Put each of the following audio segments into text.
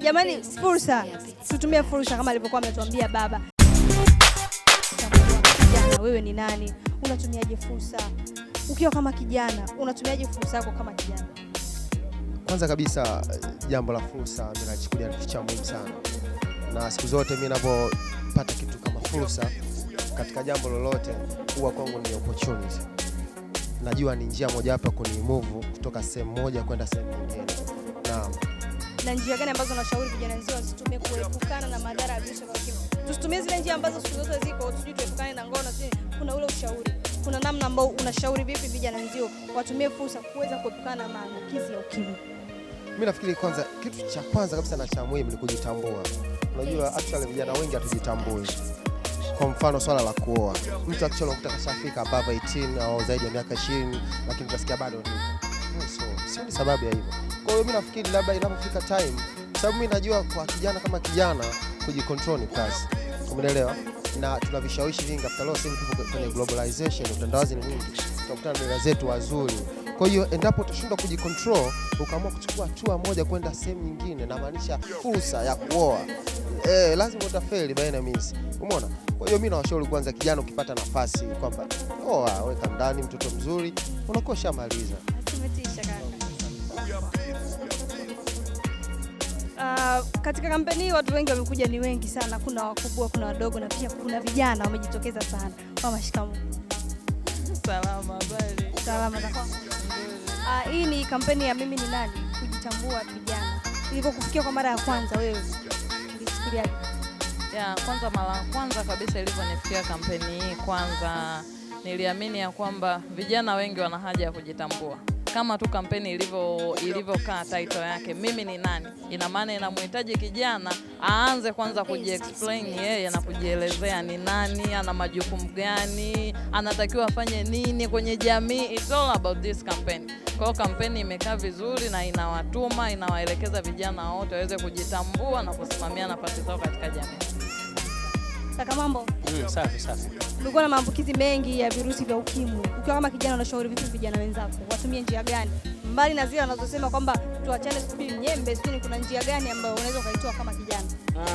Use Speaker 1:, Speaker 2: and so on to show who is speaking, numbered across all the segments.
Speaker 1: jamani, fursa tutumie fursa kama alivyokuwa ametuambia baba. Kijana wewe ni nani? Unatumiaje fursa
Speaker 2: ukiwa kama kijana? Unatumiaje fursa yako kama kijana? Kwanza kabisa, jambo la fursa mimi nachukulia kitu cha muhimu sana, na siku zote mimi ninapopata kitu kama fursa katika jambo lolote huwa kwangu ni opportunity. Najua ni njia mojawapo ya kunimove kutoka sehemu moja kwenda sehemu nyingine
Speaker 1: na njia gani ambazo unashauri vijana wenzio wasitumie kuepukana na madhara ya virusi vya ukimwi? Tusitumie zile njia ambazo siku zote ziko, tujui tuepukane na ngono, sijui kuna ule ushauri, kuna namna ambao unashauri vipi vijana wenzio watumie fursa kuweza kuepukana na maambukizi ya ukimwi?
Speaker 2: Mimi nafikiri kwanza, kitu cha kwanza kabisa na cha muhimu ni kujitambua. Unajua yes. actually vijana wengi hatujitambui kwa mfano swala la kuoa, mtu actually unakuta kashafika above 18 au zaidi ya miaka 20, lakini utasikia bado ni hmm, so, sio sababu ya hivyo kwa hiyo mimi nafikiri labda inapofika time, sababu mimi najua kwa kijana kama kijana kujicontrol ni kazi, umeelewa? Na tuna vishawishi vingi, after all sasa tupo kwenye globalization, utandawazi ni mwingi, tutakutana na dada zetu wazuri. Kwa hiyo endapo utashindwa kujicontrol, ukaamua kuchukua hatua moja kwenda sehemu nyingine, na maanisha fursa ya kuoa eh, lazima utafeli by any means, umeona? Kwa hiyo mimi nawashauri kwanza, kijana, ukipata nafasi kwamba oa, weka ndani mtoto mzuri, unakuwa shamaliza. Tumetisha kaka.
Speaker 1: Uh, katika kampeni hii watu wengi wamekuja, ni wengi sana. Kuna wakubwa, kuna wadogo na pia kuna vijana wamejitokeza sana. Kwa shikamoo.
Speaker 3: Salama, habari?
Speaker 1: Salama. Uh, hii ni kampeni ya mimi ni nani, kujitambua vijana. kufikia kwa mara ya kwanza wewe ulifikiria?
Speaker 3: Ya, kwanza mara ya kwanza kabisa ilivyonifikia kampeni hii, kwanza niliamini ya kwamba vijana wengi wana haja ya kujitambua kama tu kampeni ilivyo ilivyokaa title yake mimi ni nani, ina maana inamhitaji kijana aanze kwanza kujiexplain yeye na kujielezea ni nani, ana majukumu gani, anatakiwa afanye nini kwenye jamii. It's all about this campaign. Kwa hiyo kampeni imekaa vizuri na inawatuma, inawaelekeza vijana wote waweze kujitambua na kusimamia nafasi zao katika jamii.
Speaker 1: Saka mambo.
Speaker 2: Mm, safi safi.
Speaker 1: Kulikuwa na maambukizi mengi ya virusi vya ukimwi. Ukiwa kama kijana unashauri vipi vijana wenzako? Watumie njia gani? Mbali na zile wanazosema kwamba tuachane sisi nyembe, sisi kuna njia gani ambayo unaweza ukaitoa kama kijana?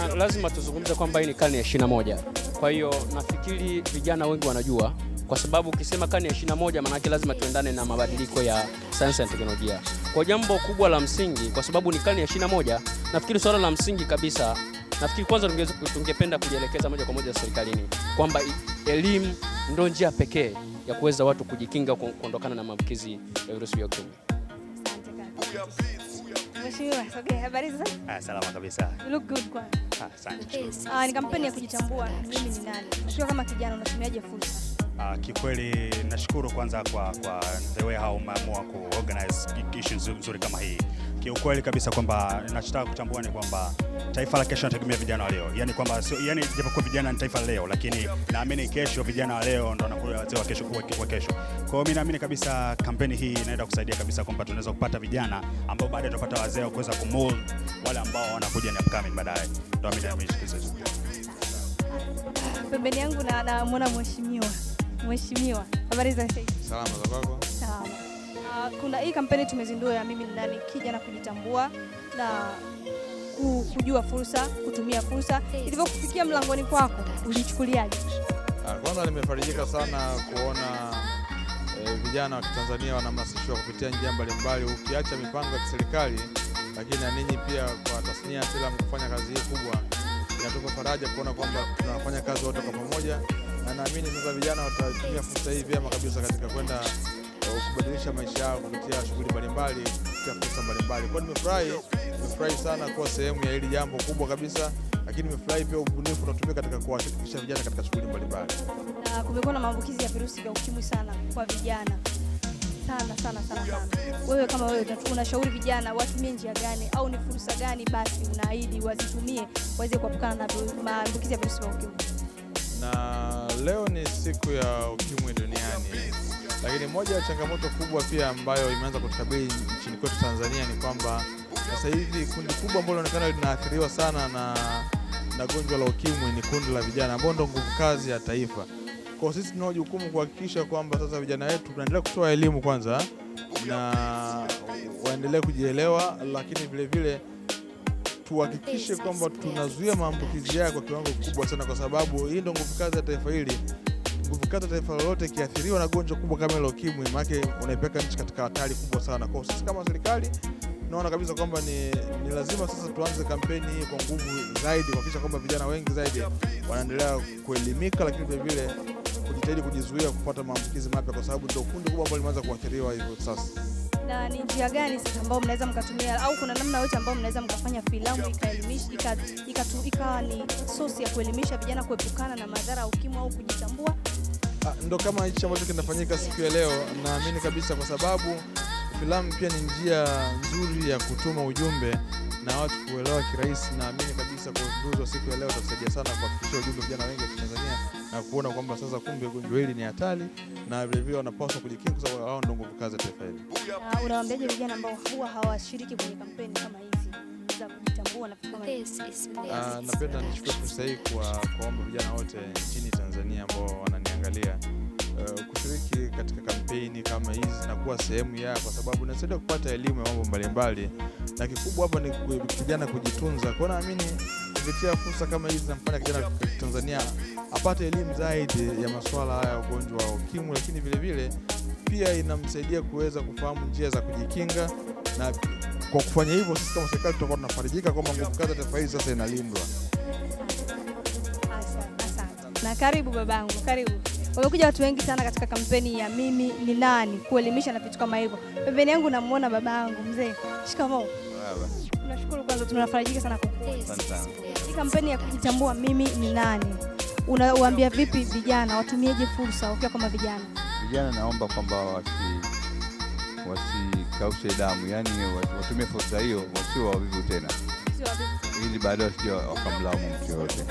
Speaker 2: Uh, lazima tuzungumze kwamba hii ni karne ya moja. Kwa hiyo nafikiri vijana wengi wanajua kwa sababu ukisema karne ya 21 maana yake lazima tuendane na mabadiliko ya sayansi na teknolojia. Kwa jambo kubwa la msingi, kwa sababu ni karne ya moja, nafikiri swala la msingi kabisa Nafikiri kwanza tungependa kujielekeza moja kwa moja serikalini kwamba elimu ndo njia pekee ya kuweza watu kujikinga kuondokana na maambukizi ya virusi vya ukimwi. Mheshimiwa, Ah, salama kabisa. Ah,
Speaker 1: ah, ni kampeni ya kujitambua mimi ni nani. Ukiwa kama kijana unatumiaje fursa?
Speaker 2: Uh, kikweli nashukuru kwanza kwa, kwa the way how umeamua organize issue nzuri kama hii. Kiukweli kabisa kwamba nachotaka kutambua ni kwamba taifa la kesho nategemea vijana wa leo, yani kwamba sio, yani japokuwa vijana ni taifa leo, lakini naamini kesho vijana wa leo ndo wanakuwa wazee wa kesho, wa kesho. Kwa hiyo mimi naamini kabisa kampeni hii inaenda kusaidia kabisa kwamba tunaweza kupata vijana ambao baadaye tutapata wazee kuweza kumold wale ambao wanakuja ni upcoming baadaye, ndo mimi naamini
Speaker 1: pembeni yangu na anamwona mheshimiwa Mheshimiwa, habari za sasa?
Speaker 2: Salama za kwako?
Speaker 1: Salama. Uh, kuna hii kampeni tumezindua ya mimi ni nani, na kujitambua na kujua fursa, kutumia fursa. Ilivyokufikia mlangoni kwako, ulichukuliaje?
Speaker 2: Ah, kwanza nimefarijika sana kuona eh, vijana wa Kitanzania wanahamasishwa kupitia njia mbalimbali, ukiacha mipango ya kiserikali, lakini na ninyi pia kwa tasnia ya filamu kufanya kazi hii kubwa inatupa faraja kuona kwamba tunafanya kazi wote kwa pamoja na naamini sasa vijana watatumia fursa hii vyema kabisa katika kwenda eh, kubadilisha maisha yao kupitia shughuli mbalimbali, kupitia fursa mbalimbali. Kwa nimefurahi, nimefurahi sana kuwa sehemu ya hili jambo kubwa kabisa, lakini nimefurahi pia ubunifu unatumika katika kuwashirikisha vijana katika shughuli mbalimbali.
Speaker 1: Na kumekuwa na maambukizi ya virusi vya ukimwi sana kwa vijana sana sana sana sana. Wewe kama wewe unashauri vijana watumie njia gani au ni fursa gani basi unaahidi wazitumie waweze kuepukana na maambukizi ya virusi vya ukimwi?
Speaker 2: leo ni siku ya ukimwi duniani, lakini moja ya changamoto kubwa pia ambayo imeanza kutukabili nchini kwetu Tanzania ni kwamba sasa hivi kundi kubwa ambalo linaonekana linaathiriwa sana na, na gonjwa la ukimwi ni kundi la vijana ambao ndio nguvu kazi ya taifa. Kwa sisi tuna jukumu kuhakikisha kwamba sasa vijana wetu tunaendelea kutoa elimu kwanza na waendelee kujielewa, lakini vilevile vile, tuhakikishe kwamba tunazuia maambukizi yao kwa kiwango kikubwa sana, kwa sababu hii ndo nguvu kazi ya taifa hili. Nguvu kazi ya taifa lolote ikiathiriwa na gonjwa kubwa kama ile UKIMWI, maanake unaipeka nchi katika hatari kubwa sana. Kwa sisi kama serikali naona kabisa kwamba ni, ni lazima sasa tuanze kampeni hii kwa nguvu zaidi kuhakikisha kwamba vijana wengi zaidi wanaendelea kuelimika, lakini vilevile kujitahidi kujizuia kupata maambukizi mapya, kwa sababu ndio kundi kubwa ambalo limeanza kuathiriwa hivyo sasa
Speaker 1: na ni njia gani sasa ambayo mnaweza mkatumia au kuna namna yote ambayo mnaweza mkafanya filamu ikaelimisha ikawa ika, ika ni source ya kuelimisha vijana kuepukana na madhara ya ukimwi au kujitambua?
Speaker 2: Ah, ndo kama hichi ambacho kinafanyika siku ya leo, naamini kabisa, kwa sababu filamu pia ni njia nzuri ya kutuma ujumbe na watu kuelewa kirahisi. Naamini kabisa kwa uzinduzi wa siku ya leo utakusaidia sana kuhakikisha ujumbe vijana wengi wa Tanzania na kuona kwamba sasa kumbe gonjwa hili ni hatari na vilevile wanapaswa kujikinga kwa sababu hao ndio nguvu kazi ya taifa hili.
Speaker 1: Ah, unawaambiaje vijana ambao huwa hawashiriki kwenye kampeni kama hizi za kujitambua na kama
Speaker 2: ah, Napenda nichukue fursa hii kwa kuomba vijana wote nchini Tanzania ambao wananiangalia Uh, kushiriki katika kampeni kama hizi na kuwa sehemu ya, kwa sababu inasaidia kupata elimu ya mambo mbalimbali, na kikubwa hapa ni kijana kujitunza. Kwa naamini kupitia fursa kama hizi zinamfanya kijana Tanzania apate elimu zaidi ya masuala haya ya ugonjwa wa UKIMWI, lakini vilevile pia inamsaidia kuweza kufahamu njia za kujikinga, na kwa kufanya hivyo sisi kama serikali tutakuwa tunafarijika kwamba nguvu kazi ya taifa hili sasa inalindwa.
Speaker 1: Na karibu babangu, karibu. Wamekuja watu wengi sana katika kampeni ya mimi ni nani kuelimisha na vitu kama hivyo. Pembeni yangu namuona babangu mzee. Shikamoo. Baba. Tunashukuru kwanza, tunafarajika sana hii kampeni ya kujitambua mimi ni nani. Unawaambia vipi vijana watumieje fursa wakiwa kama vijana?
Speaker 2: Vijana naomba kwamba wasikaushe wasi damu, yani watumie fursa hiyo, wasio wavivu tena, ili baadaye wasije wakamlaumu mtu yoyote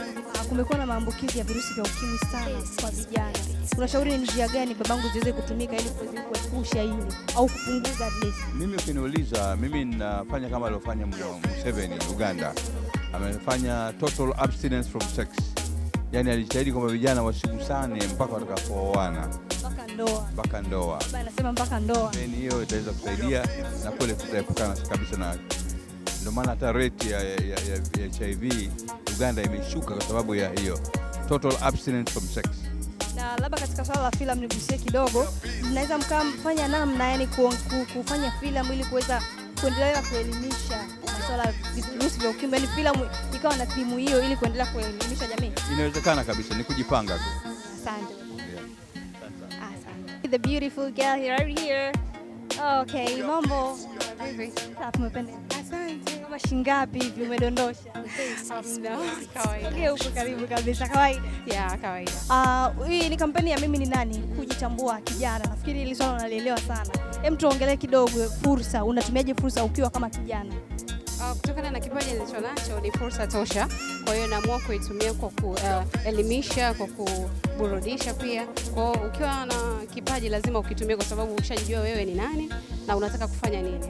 Speaker 1: kumekuwa na maambukizi ya virusi vya ukimwi sana kwa vijana. Unashauri ni njia gani babangu ziweze kutumika ili kuweza kuepusha hili au kupunguza vile?
Speaker 2: Mimi ukiniuliza, mimi ninafanya kama aliofanya Museveni Uganda, amefanya total abstinence from sex, yani alijitahidi kwamba vijana wasigusane mpaka watakapooana mpaka ndoa.
Speaker 1: Baba anasema mpaka ndoa,
Speaker 2: hiyo itaweza kusaidia na kule tutaepukana kabisa, na ndio maana hata rate ya, ya, ya, ya HIV Uganda imeshuka kwa sababu ya hiyo total abstinence from sex.
Speaker 1: Na labda katika swala la filamu nigusie kidogo, mnaweza mkamfanya namna yani kufanya filamu ili kuweza kuendelea kuelimisha masuala virusi vya ukimwi, yani filamu ikawa na timu hiyo ili kuendelea kuelimisha jamii?
Speaker 2: Inawezekana kabisa, ni kujipanga tu.
Speaker 1: Asante. The beautiful girl here, right here. Okay, mambo. Safi, kama shingapi hivi umedondosha? Huko karibu kabisa, kawaida
Speaker 3: ya kawaida.
Speaker 1: Uh, hii ni kampeni ya mimi ni nani kujitambua kijana. Nafikiri hili swala unalielewa sana. Hem, tuongelee kidogo fursa, unatumiaje fursa ukiwa kama kijana?
Speaker 3: Uh, kutokana na kipaji nilicho nacho ni fursa tosha, kwa hiyo naamua kuitumia kwa kuelimisha, uh, kwa kuburudisha pia. Kwa hiyo ukiwa na kipaji lazima ukitumia, kwa sababu ukishajijua wewe ni nani na unataka kufanya nini.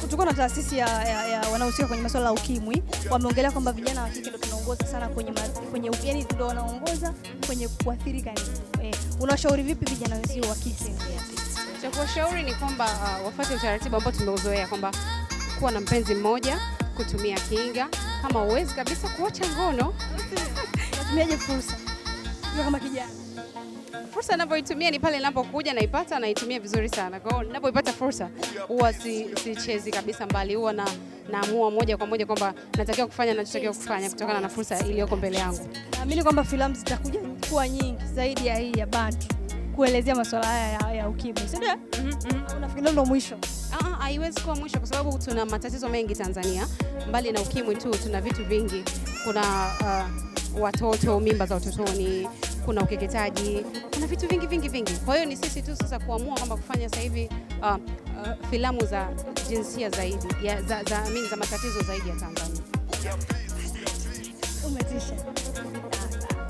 Speaker 1: Tulikuwa na taasisi ya, ya, ya wanaohusika kwenye masuala ya ukimwi, wameongelea kwamba vijana wa kike ndio tunaongoza sana kwenye kwenye yani, ndio wanaongoza kwenye kuathirika. Eh, unawashauri vipi vijana wenzio wa kike?
Speaker 3: Cha kuwashauri ni kwamba uh, wafuate utaratibu ambao tumeuzoea kwamba kuwa na mpenzi mmoja, kutumia kinga. Kama uwezi kabisa kuacha ngono,
Speaker 1: unatumiaje fursa kama kijana?
Speaker 3: Fursa ninavyoitumia ni pale ninapokuja naipata, naitumia vizuri sana. kwao napoipata ninapoipata fursa huwa sichezi si kabisa mbali, huwa na naamua moja kwa moja kwamba natakiwa kufanya nachotakiwa kufanya kutokana na fursa iliyoko mbele yangu.
Speaker 1: Naamini kwamba filamu zitakuja kuwa nyingi zaidi ya hii ya Bantu kuelezea masuala haya ya, ya ukimwi, si ndio? Mm-hmm. Unafikiri ndo mwisho?
Speaker 3: Ah, haiwezi kuwa mwisho kwa sababu tuna matatizo mengi Tanzania, mbali na ukimwi tu tuna vitu vingi. Kuna uh, watoto, mimba za utotoni, kuna ukeketaji, kuna vitu vingi vingi vingi. Kwa hiyo ni sisi tu sasa kuamua kwamba kufanya sasa hivi uh, uh, filamu za jinsia zaidi ya, za, za, za matatizo zaidi ya Tanzania. Umetisha. Ah, ah.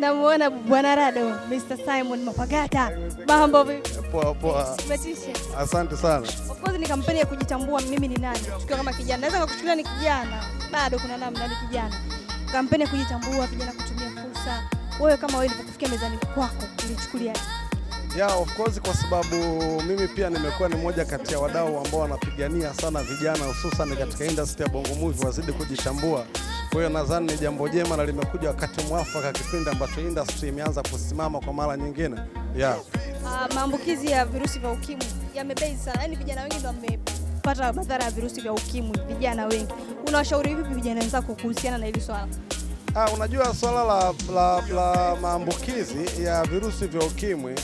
Speaker 1: namuona Bwana Rado, Mr. Simon Mapagata, mambo
Speaker 2: Poa poa. Umetisha. Asante sana.
Speaker 1: Of course ni kampeni ya kujitambua mimi ni nani. Tukiwa kama kijana, naweza kukuchukulia ni kijana, bado kuna namna ni kijana. Kampeni ya kujitambua, vijana kutumia fursa. Wewe kama wewe ulipokufikia mezani kwako, ulichukulia
Speaker 2: Yeah, of course kwa sababu mimi pia nimekuwa ni moja kati ya wadau ambao wanapigania sana vijana hususan katika industry ya Bongo Movie wazidi kujitambua kwa hiyo nadhani ni jambo jema na limekuja wakati mwafaka, kipindi ambacho industry imeanza kusimama kwa mara nyingine yeah.
Speaker 1: Uh, maambukizi ya virusi vya ukimwi yamebei sana, yaani vijana wengi ndio wamepata madhara ya virusi vya ukimwi. Vijana wengi, unawashauri vipi vijana wenzako kuhusiana na hili swala?
Speaker 2: Ah, unajua swala la, la, la maambukizi ya virusi vya ukimwi,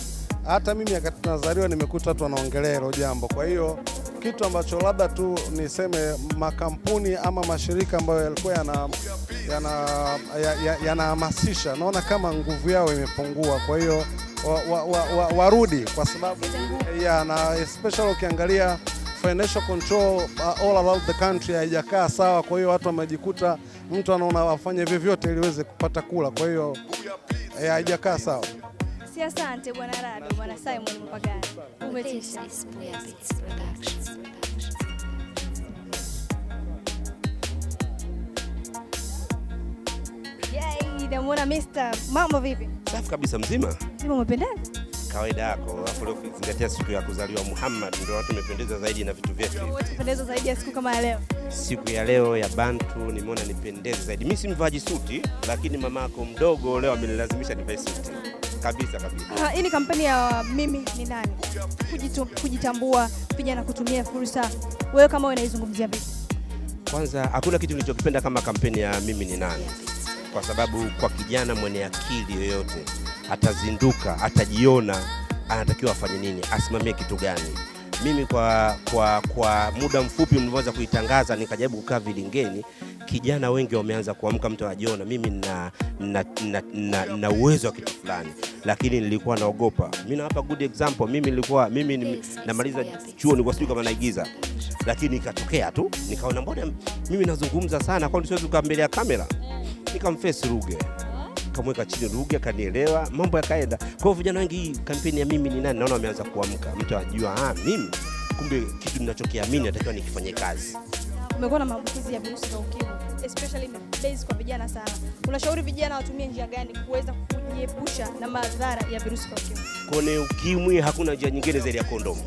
Speaker 2: hata mimi wakati nazaliwa nimekuta watu wanaongelea hilo jambo, kwa hiyo kitu ambacho labda tu niseme makampuni ama mashirika ambayo yalikuwa yanahamasisha ya, ya, ya naona kama nguvu yao imepungua, kwa hiyo wa, wa, wa, warudi kwa sababu ya, na especially ukiangalia financial control uh, all around the country haijakaa sawa. Kwa hiyo watu wamejikuta, mtu anaona wafanye vyovyote ili kupata kula, kwa hiyo eh, haijakaa sawa.
Speaker 1: Basi asante Bwana Rado, Bwana Simon Mpagani, umetisha. Namuona Mr. Mambo vipi?
Speaker 2: Safi kabisa mzima. Mzima umependaje? Kawaida yako. Alafu leo ukizingatia siku ya kuzaliwa Muhammad ndio watu wamependeza zaidi na vitu vyetu.
Speaker 1: Wamependeza zaidi ya siku kama ya leo.
Speaker 2: Siku ya leo ya Bantu nimeona nipendeze zaidi. Mimi si mvaji suti, lakini mamako mdogo leo amenilazimisha nivae suti kabisa kabisa.
Speaker 1: Ah, hii ni kampeni ya mimi ni nani, kujitambua vijana kutumia fursa. Wewe kama wewe unaizungumzia vipi?
Speaker 2: Kwanza hakuna kitu nilichokipenda kama kampeni ya mimi ni nani, kwa sababu kwa kijana mwenye akili yoyote atazinduka, atajiona anatakiwa afanye nini, asimamie kitu gani. Mimi kwa, kwa, kwa muda mfupi mlivyoweza kuitangaza nikajaribu kukaa vilingeni kijana wengi wameanza kuamka, mtu anajiona mimi na, na, na, na, na uwezo wa kitu fulani, lakini nilikuwa naogopa. Mimi nawapa good example, mimi nilikuwa mimi namaliza chuo, nilikuwa sijui kama naigiza, lakini ikatokea tu nikaona mbona mimi nazungumza sana, kwani siwezi kukaa mbele ya kamera? Nikamface Ruge kamweka chini Ruge akanielewa, mambo yakaenda. Kwa hiyo vijana wengi, hii kampeni ya mimi ni nani, naona wameanza kuamka, mtu anajua ah, mimi kumbe kitu ninachokiamini natakiwa nikifanye kazi
Speaker 1: umekuwa na maambukizi ya virusi vya ukimwi especially based kwa vijana sana. Unashauri vijana watumie njia gani kuweza kujiepusha na madhara ya virusi vya ukimwi?
Speaker 2: Kone ukimwi hakuna njia nyingine zaidi ya kondomu.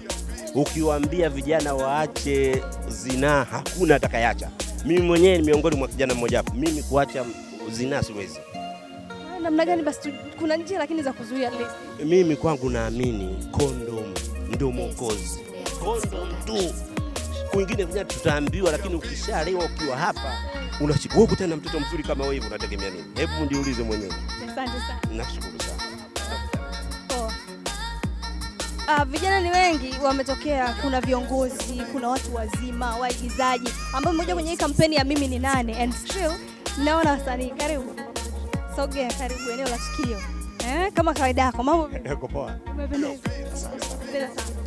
Speaker 2: Ukiwaambia vijana waache zinaa, hakuna atakayeacha. Mimi mwenyewe ni miongoni mwa kijana mmoja hapo. Mimi kuacha zinaa siwezi.
Speaker 1: Ah, namna gani basi? Kuna njia lakini za kuzuia at least.
Speaker 2: Mimi kwangu naamini kondomu ndio mwokozi, kondomu tu kwingine kwenye tutaambiwa, lakini ukishalewa ukiwa hapa unachukua kutana mtoto mzuri kama wewe, unategemea nini? Hebu mjiulize mwenyewe. Asante sana, Nashukuru sana.
Speaker 1: Uh, vijana ni wengi wametokea, kuna viongozi, kuna watu wazima, waigizaji ambao mmoja kwenye hii kampeni ya mimi ni nane and still naona wasanii. Karibu sogea, karibu eneo la tukio eh, kama kawaida yako. Mambo yako Poa. Umependeza.
Speaker 2: sana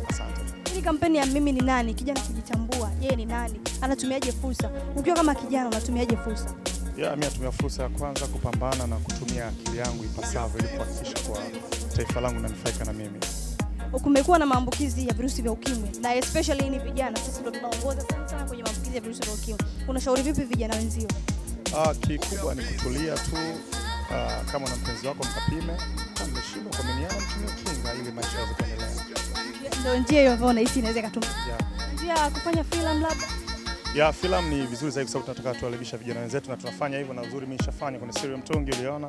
Speaker 1: hii yaani kampeni ya mimi ni nani, kijana kujitambua, yeye ni nani, anatumiaje fursa. Ukiwa kama kijana unatumiaje fursa?
Speaker 2: Yeah, mimi natumia fursa ya kwanza kupambana na kutumia akili yangu ipasavyo ili kuhakikisha kwa taifa langu nanufaika na mimi.
Speaker 1: Kumekuwa na maambukizi ya virusi vya ukimwi na especially ni vijana, sisi ndio tunaongoza sana kwenye maambukizi ya virusi vya ukimwi. Unashauri vipi vijana wenzio?
Speaker 2: Ah, kikubwa ni kutulia tu. Ah, kama na mpenzi wako mkapime, kama umeshindwa kwa mimi kuaminiana, mtumie kinga ili maisha yaweze kuendelea.
Speaker 1: Ndio njia hiyo ambayo unahisi inaweza ikatumika. Njia ya kufanya filamu labda.
Speaker 2: Ya filamu ni vizuri zaidi kwa sababu tunataka tuwaelimisha vijana wenzetu na tunafanya hivyo na uzuri mimi nishafanya kwenye Serial Mtungi uliona.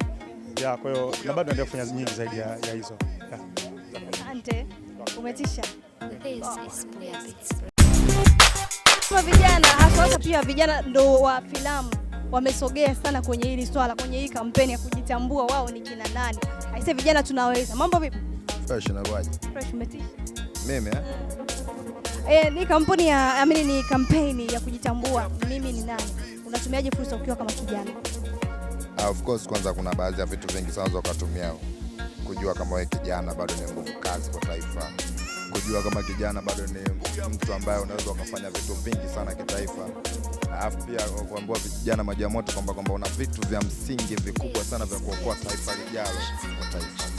Speaker 2: Ya kwa hiyo na bado naendelea kufanya nyingi zaidi ya, ya hizo.
Speaker 1: Asante. Umetisha. Oh. Kwa vijana hasa hasa pia vijana ndo wa filamu wamesogea sana kwenye hili swala, kwenye hii kampeni ya kujitambua wao ni kina nani. Aise, vijana tunaweza. Mambo vipi?
Speaker 2: Fresh, na unakuaje? Fresh, umetisha. Mimi eh?
Speaker 1: Eh, ni kampuni ya amini, ni kampeni ya kujitambua mimi ni nani. Unatumiaje fursa ukiwa kama kijana?
Speaker 2: Ah, of course kwanza kuna baadhi ya vitu vingi sana ukatumia kujua kama wewe kijana bado ni nguvu kazi kwa taifa, kujua kama kijana bado ni mtu ambaye unaweza ukafanya vitu vingi sana kitaifa, alafu pia kuambua vijana maji ya moto kwamba kwamba una vitu vya msingi vikubwa sana vya kuokoa taifa lijalo kwa taifa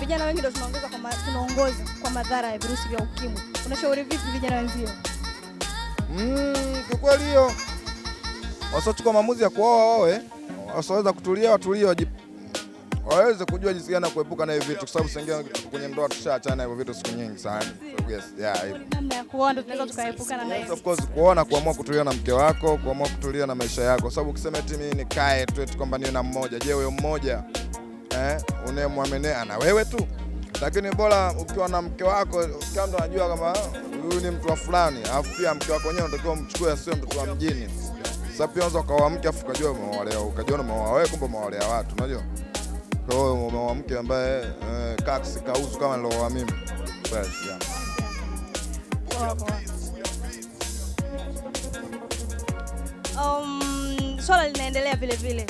Speaker 1: vijana wengi ndio tunaongoza kwa madhara ya virusi vya ukimwi. Unashauri vipi vijana wenzio?
Speaker 2: Mm, kiukweli hiyo wasiochukua maamuzi ya kuoa waoe, wasioweza kutulia watulie, waweze kujua jinsi gani kuepuka na hivi vitu, kwa sababu sengine kwenye ndoa tushaachana hivyo vitu siku nyingi sana. Yes, yeah,
Speaker 1: namna ya kuoa ndio tunaweza na yes,
Speaker 2: of course, kuona kuamua kutulia na mke wako, kuamua kutulia na maisha yako, kwa sababu ukisema eti mimi nikae tu eti kwamba niwe na mmoja, je, huyo mmoja eh, unayemwaminia ana wewe tu, lakini bora ukiwa na mke wako, kila mtu anajua kama huyu ni mtu wa fulani, alafu pia mke wako wenyewe unatakiwa umchukue, sio mtu wa mjini. Sasa pia unaweza ukaoa mke afu ukajua umeolewa, ukajiona umeoa wewe, kumbe umeolea watu, unajua kwa hiyo umeoa mke ambaye eh, kaksi kauzu kama niloa mimi basi, yeah.
Speaker 1: Um, swala linaendelea vile vile,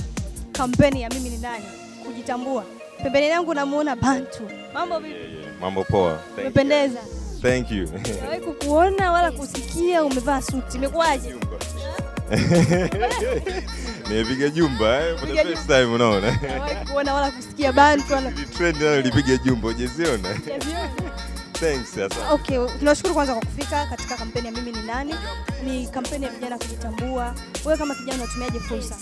Speaker 1: kampeni ya mimi ni nani kujitambua. Pembeni yangu namuona Bantu. Mambo vipi? Yeah,
Speaker 2: yeah. Mambo poa. Umependeza. Thank you.
Speaker 1: Sijawahi kukuona wala kusikia umevaa suti. Imekuwaje?
Speaker 2: Nimepiga jumba eh, for the first time unaona.
Speaker 1: Kuona wala kusikia Bantu wala. Ni
Speaker 2: Trend nayo ilipiga jumba, hujaziona? Thanks sasa.
Speaker 1: Okay, tunashukuru kwanza kwa kufika katika kampeni ya Mimi ni Nani. Ni kampeni ya vijana kujitambua. Wewe kama kijana unatumiaje fursa?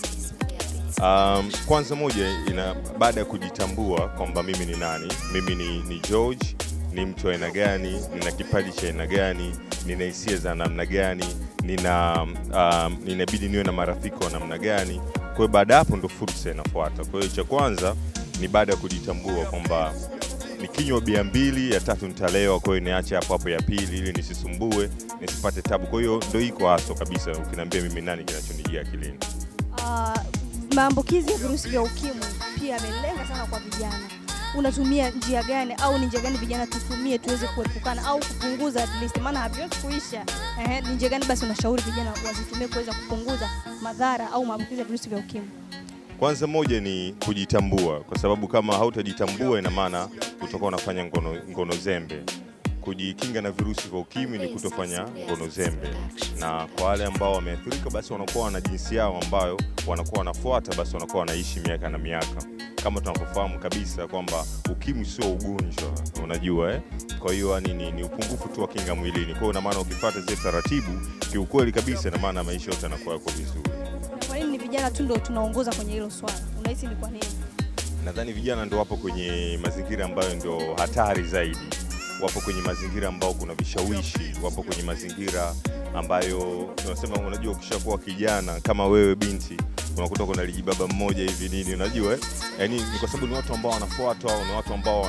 Speaker 2: Um, kwanza moja ina baada ya kujitambua kwamba mimi ni nani, mimi ni, ni George, ni mtu aina gani, nina kipaji cha aina gani, nina hisia za namna gani, nina um, ninabidi niwe na marafiki wa namna gani. Kwa hiyo baada hapo ndo fursa inafuata. Kwa hiyo cha kwanza ni baada ya kujitambua kwamba nikinywa bia mbili, ya tatu nitalewa, kwa hiyo niache hapo hapo ya pili ili nisisumbue, nisipate tabu. Kwa hiyo ndo iko haso kabisa, ukiniambia mimi nani, kinachonijia akilini
Speaker 1: uh, maambukizi ya virusi vya ukimwi pia yamelenga sana kwa vijana. Unatumia njia gani au ni njia gani vijana tutumie tuweze kuepukana au kupunguza at least, maana haviwezi kuisha? Ehe, ni njia gani basi unashauri vijana wazitumie kuweza kupunguza madhara au maambukizi ya virusi vya ukimwi?
Speaker 2: Kwanza moja ni kujitambua, kwa sababu kama hautajitambua, ina maana utakuwa unafanya ngono, ngono zembe kujikinga na virusi vya ukimwi ni kutofanya ngono zembe, na kwa wale ambao wameathirika, basi wanakuwa wana jinsi yao ambayo wanakuwa wanafuata, basi wanakuwa wanaishi miaka na miaka, kama tunavyofahamu kabisa kwamba ukimwi sio ugonjwa, unajua eh? Kwa hiyo ni, ni, ni upungufu tu wa kinga mwilini. Kwa hiyo ina maana ukifuata zile taratibu, kiukweli kabisa, ina maana maisha yote yanakuwa yako vizuri.
Speaker 1: Kwa nini ni vijana tu ndio tunaongoza kwenye hilo swala? Unahisi ni kwa nini?
Speaker 2: Nadhani vijana ndio wapo kwenye mazingira ambayo ndio hatari zaidi wapo kwenye mazingira ambao kuna vishawishi, wapo kwenye mazingira ambayo tunasema, unajua, ukishakuwa kijana kama wewe binti, unakuta kuna lijibaba mmoja hivi nini, unajua eh? Yani ni kwa sababu ni watu ambao wanafuatwa au ni watu ambao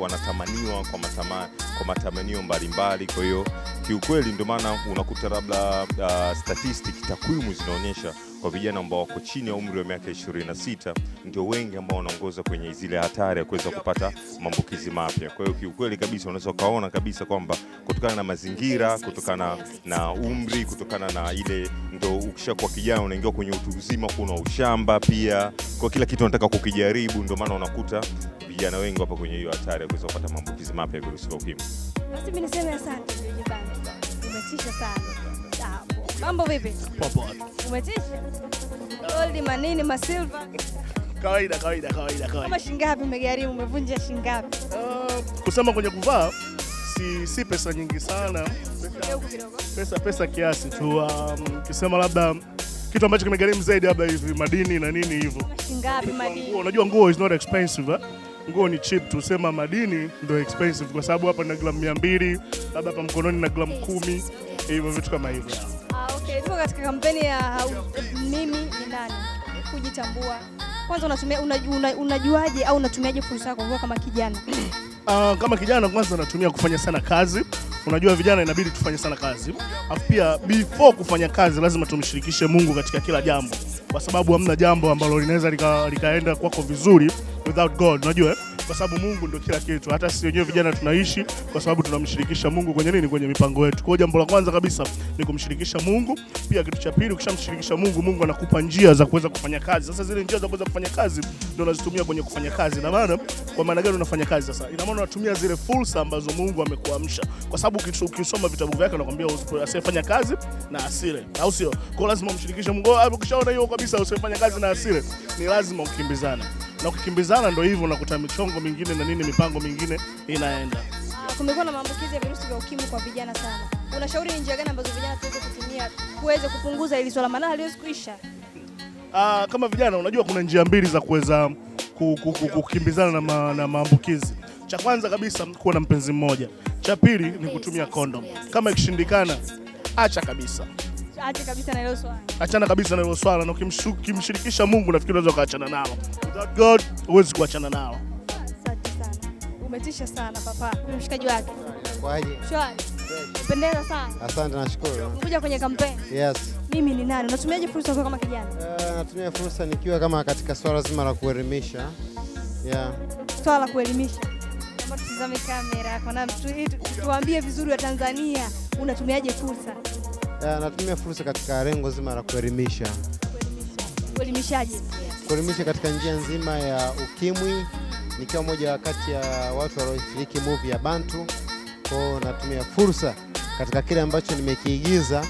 Speaker 2: wanatamaniwa kwa, matama, kwa matamanio mbalimbali. Kwa hiyo kiukweli, ndio maana unakuta labda uh, statistics, takwimu zinaonyesha kwa vijana ambao wako chini ya umri wa miaka 26 ndio wengi ambao wanaongoza kwenye zile hatari ya kuweza kupata maambukizi mapya. Kwa hiyo kiukweli kabisa unaweza ukaona kabisa kwamba kutokana na mazingira, kutokana na umri, kutokana na ile ndio, ukishakuwa kijana unaingia kwenye utu uzima, kuna ushamba pia, kwa kila kitu unataka kukijaribu, ndio maana unakuta vijana wengi wapo kwenye hiyo hatari ya kuweza kupata maambukizi mapya ya virusi vya ukimwi.
Speaker 1: Basi mimi niseme asante. Sicho sana. Mambo vipi? Umetisha? Gold manini ma silver.
Speaker 2: Kawaida kawaida kawaida kawaida.
Speaker 1: Kama shilingi ngapi umegharimu? Umevunja shilingi ngapi? Uh,
Speaker 2: ah, kusema kwenye kuvaa si, si pesa nyingi sana. Pesa, pesa, pesa kiasi tu. Um, kisema labda kitu ambacho kimegharimu zaidi labda hivi madini na nini hivyo.
Speaker 1: Shilingi ngapi madini?
Speaker 2: Unajua nguo is not expensive. Eh? nguo ni cheap, tusema madini ndio expensive, kwa sababu hapa na gramu mia mbili labda hapa mkononi na gramu kumi, hivyo vitu kama hivyo.
Speaker 1: Ah, okay. Tuko katika kampeni ya mimi ni nani, kujitambua kwanza. Unatumia unajuaje, una, una au unatumiaje fursa yako kama kijana?
Speaker 2: Uh, kama kijana kwanza natumia kufanya sana kazi. Unajua vijana inabidi tufanye sana kazi, afu pia before kufanya kazi lazima tumshirikishe Mungu katika kila jambo, kwa sababu hamna jambo ambalo linaweza likaenda lika kwako vizuri without God, unajua eh? kwa sababu Mungu ndio kila kitu. Hata sisi wenyewe vijana tunaishi kwa sababu tunamshirikisha Mungu kwenye nini? Kwenye mipango yetu. Kwa hiyo jambo la kwanza kabisa ni kumshirikisha Mungu. Pia kitu cha pili, ukishamshirikisha Mungu, Mungu anakupa njia za kuweza kufanya kazi. Sasa zile njia za kuweza kufanya kazi ndio unazitumia kwenye kufanya kazi. Na maana kwa maana gani unafanya kazi sasa? Ina maana unatumia zile fursa ambazo Mungu amekuamsha, kwa sababu kitu ukisoma vitabu vyake anakuambia usifanye kazi na asile, au sio? Kwa lazima umshirikishe Mungu. Ukishaona hiyo kabisa, usifanye kazi na asile, ni lazima ukimbizane na kukimbizana, ndio hivyo unakuta michongo mingine na nini, mipango mingine inaenda.
Speaker 1: Kumekuwa na maambukizi ya virusi vya ukimwi kwa vijana sana, unashauri ni njia gani ambazo vijana tuweze kutumia kuweze kupunguza hili swala, maana haliwezi kuisha?
Speaker 2: Aa, ah, kama vijana, unajua kuna njia mbili za kuweza kukimbizana na, ma, na maambukizi cha kwanza kabisa kuwa na mpenzi mmoja, cha pili ni kutumia kondom. Kama ikishindikana, acha kabisa
Speaker 1: ache kabisa na hilo swala.
Speaker 2: Achana kabisa na hilo swala na ukimshirikisha Mungu nafikiri unaweza ukaachana nalo. Without God huwezi kuachana nalo.
Speaker 1: Asante sana. Umetisha sana papa. Mshikaji wake. Kwaje? Shwari. Pendeza sana.
Speaker 2: Asante na shukuru.
Speaker 1: Umekuja kwenye kampeni? Yes. Mimi ni nani? Unatumiaje fursa kwa kama kijana?
Speaker 2: Uh, natumia fursa nikiwa kama katika swala zima la kuelimisha. Yeah.
Speaker 1: Swala la kuelimisha. Tazame kamera yako na tuambie vizuri wa Tanzania unatumiaje fursa?
Speaker 2: Anatumia eh, fursa katika lengo zima la kuelimisha uelimishaji kuelimisha katika njia nzima ya ukimwi, nikiwa moja kati ya watu walioshiriki movie ya Bantu. kwao natumia fursa katika kile ambacho nimekiigiza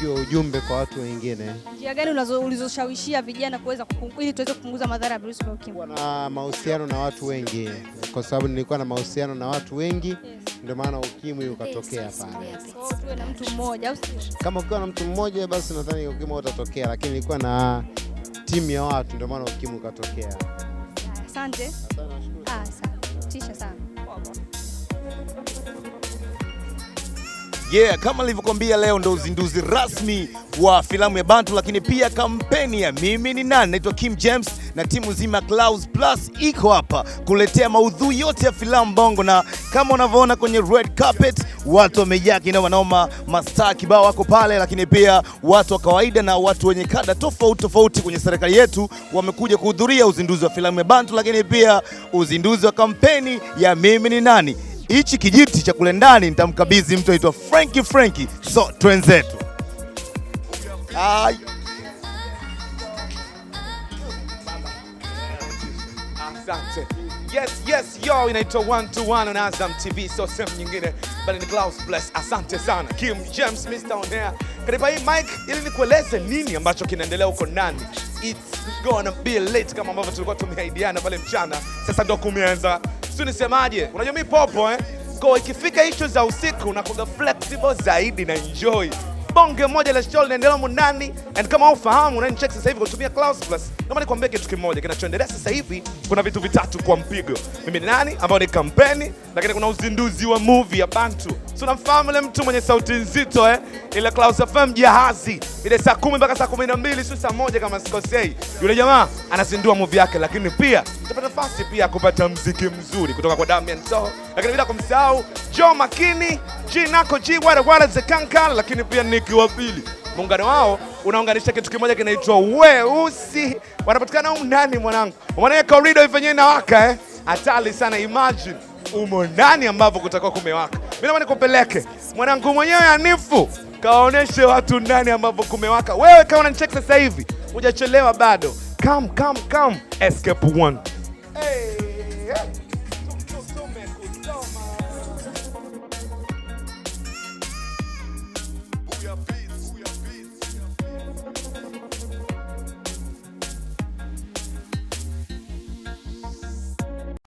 Speaker 2: tuwe ujumbe kwa watu wengine.
Speaker 1: Njia gani ulizoshawishia vijana kuweza ili tuweze kupunguza madhara ya virusi vya ukimwi?
Speaker 2: Na mahusiano na watu wengi, kwa sababu nilikuwa na mahusiano na watu wengi yes. Ndio maana ukimwi ukatokea pale.
Speaker 1: So, tuwe na mtu mmoja
Speaker 2: kama ukiwa na mtu mmoja basi nadhani ukimwi utatokea, lakini nilikuwa na timu ya watu, ndio maana ukimwi ukatokea.
Speaker 1: Asante. Asante. Ah, Tisha sana.
Speaker 2: Yeah, kama nilivyokuambia leo ndo uzinduzi rasmi wa filamu ya Bantu, lakini pia kampeni ya mimi ni nani. Naitwa Kim James na timu zima Clouds Plus iko hapa kuletea maudhui yote ya filamu Bongo, na kama unavyoona kwenye red carpet watu wamejaa kina wanaoma mastaa kibao wako pale, lakini pia watu wa kawaida na watu wenye kada tofauti tofauti kwenye serikali yetu wamekuja kuhudhuria uzinduzi wa filamu ya Bantu, lakini pia uzinduzi wa kampeni ya mimi ni nani hichi kijiti cha kule ndani nitamkabidhi mtu aitwa Frankie Frankie, so twenzetu. Asante. Yes, yes, yo inaitwa one to one on Azam TV, so sehemu nyingine bali ni Clouds Bless. Asante sana Kim James, Mr. On Air. Karibu hii Mike, ili nikueleze nini ambacho kinaendelea huko ndani. It's gonna be late kama ambavyo tulikuwa tumeahidiana pale mchana, sasa ndio kumeanza sio nisemaje, unajua mi popo eh? Kwa ikifika ishu za usiku unakuwa flexible zaidi na enjoy bonge moja la show linaendelea munani, and kama ufahamu check sasa hivi kutumia Clouds Plus, naomba nikwambie kitu kimoja kinachoendelea sasa hivi. Kuna vitu vitatu kwa mpigo. Mimi ni nani ambao ni kampeni, lakini kuna uzinduzi wa movie ya Bantu. So unamfahamu ile mtu mwenye sauti nzito eh, ile Clouds FM jahazi ile saa kumi mpaka saa kumi na mbili sio saa moja kama sikosei, yule jamaa anazindua movie yake, lakini pia utapata nafasi pia kupata mziki mzuri kutoka kwa Damian Toho lakini bila kumsahau Jo Makini, G Nako, G Wale Wale Zekanka, lakini pia Niki wa pili. Muungano wao unaunganisha kitu kimoja kinaitwa Weusi. Wanapatikana huko ndani mwanangu, maana corridor hii yenyewe inawaka eh, hatari sana. Imagine umo ndani ambapo kutakuwa kumewaka. Mimi naomba nikupeleke mwanangu mwenyewe anifu, kaoneshe watu ndani ambapo kumewaka. Wewe kama unanicheki sasa hivi hujachelewa bado, come come come, escape one hey.